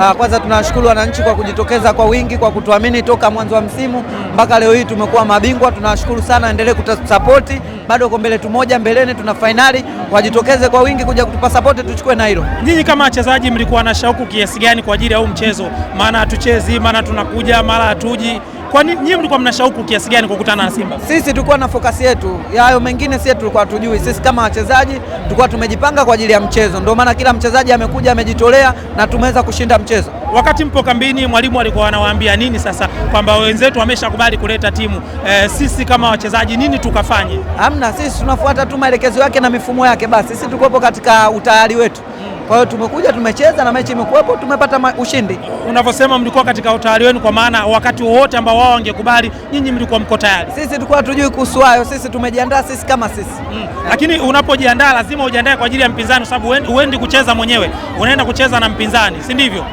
Ah, kwanza tunawashukuru wananchi kwa kujitokeza kwa wingi, kwa kutuamini toka mwanzo wa msimu mpaka leo hii tumekuwa mabingwa. Tunawashukuru sana, endelee kutusapoti, bado mbele tu moja mbeleni, tuna fainali. Wajitokeze kwa wingi kuja kutupa sapoti, tuchukue na hilo. Nyinyi kama wachezaji mlikuwa na shauku kiasi gani kwa ajili ya huu mchezo? Maana hatuchezi, maana tunakuja, mara hatuji kwa nini nyinyi mlikuwa mna shauku kiasi gani kukutana na Simba? Sisi tulikuwa na fokasi yetu ya hayo mengine, sisi tulikuwa tujui Sisi kama wachezaji tulikuwa tumejipanga kwa ajili ya mchezo, ndio maana kila mchezaji amekuja amejitolea na tumeweza kushinda mchezo. Wakati mpo kambini, mwalimu alikuwa anawaambia nini sasa, kwamba wenzetu wameshakubali kuleta timu e, sisi kama wachezaji nini tukafanye? Hamna, sisi tunafuata tu maelekezo yake na mifumo yake basi. Sisi tulikuwepo katika utayari wetu. Kwa hiyo tumekuja tumecheza na mechi imekuwepo, tumepata ushindi. Unavyosema mlikuwa katika utayari wenu, kwa maana wakati wowote ambao wao wangekubali, nyinyi mlikuwa mko tayari. Sisi tulikuwa tujui kuhusu hayo, sisi tumejiandaa sisi kama sisi mm. Lakini unapojiandaa lazima ujiandae kwa ajili ya mpinzani, kwa sababu huendi kucheza mwenyewe, unaenda kucheza na mpinzani, si ndivyo?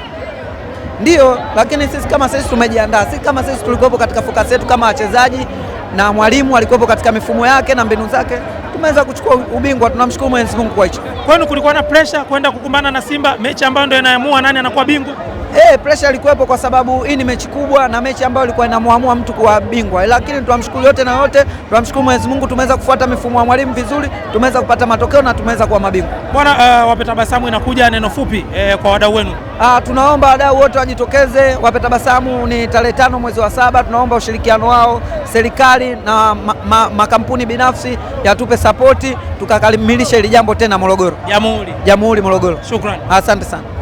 Ndio, lakini sisi kama sisi tumejiandaa. Sisi kama sisi tulikuwepo katika fokasi yetu kama wachezaji, na mwalimu alikuwepo katika mifumo yake na mbinu zake tumeweza kuchukua ubingwa, tunamshukuru Mwenyezi Mungu kwa hicho. Kwani kulikuwa na pressure kwenda kukumbana na Simba mechi ambayo ndio inaamua nani anakuwa bingwa? Eh, pressure ilikuwepo kwa sababu hii ni mechi kubwa na mechi ambayo ilikuwa inamwamua mtu kuwa bingwa, eh, lakini tunamshukuru yote na yote, tunamshukuru Mwenyezi Mungu, tumeweza kufuata mifumo ya mwalimu vizuri, tumeweza kupata matokeo na tumeweza kuwa mabingwa bwana. Uh, eh, wape tabasamu inakuja, neno fupi uh, kwa wadau wenu. Uh, tunaomba wadau wote wajitokeze. Wape tabasamu ni tarehe tano mwezi wa saba. Tunaomba ushirikiano wao, serikali na ma ma makampuni binafsi yatupe sapoti, tukakamilisha hili jambo tena Morogoro, Jamhuri Jamhuri Morogoro. Shukrani, asante sana.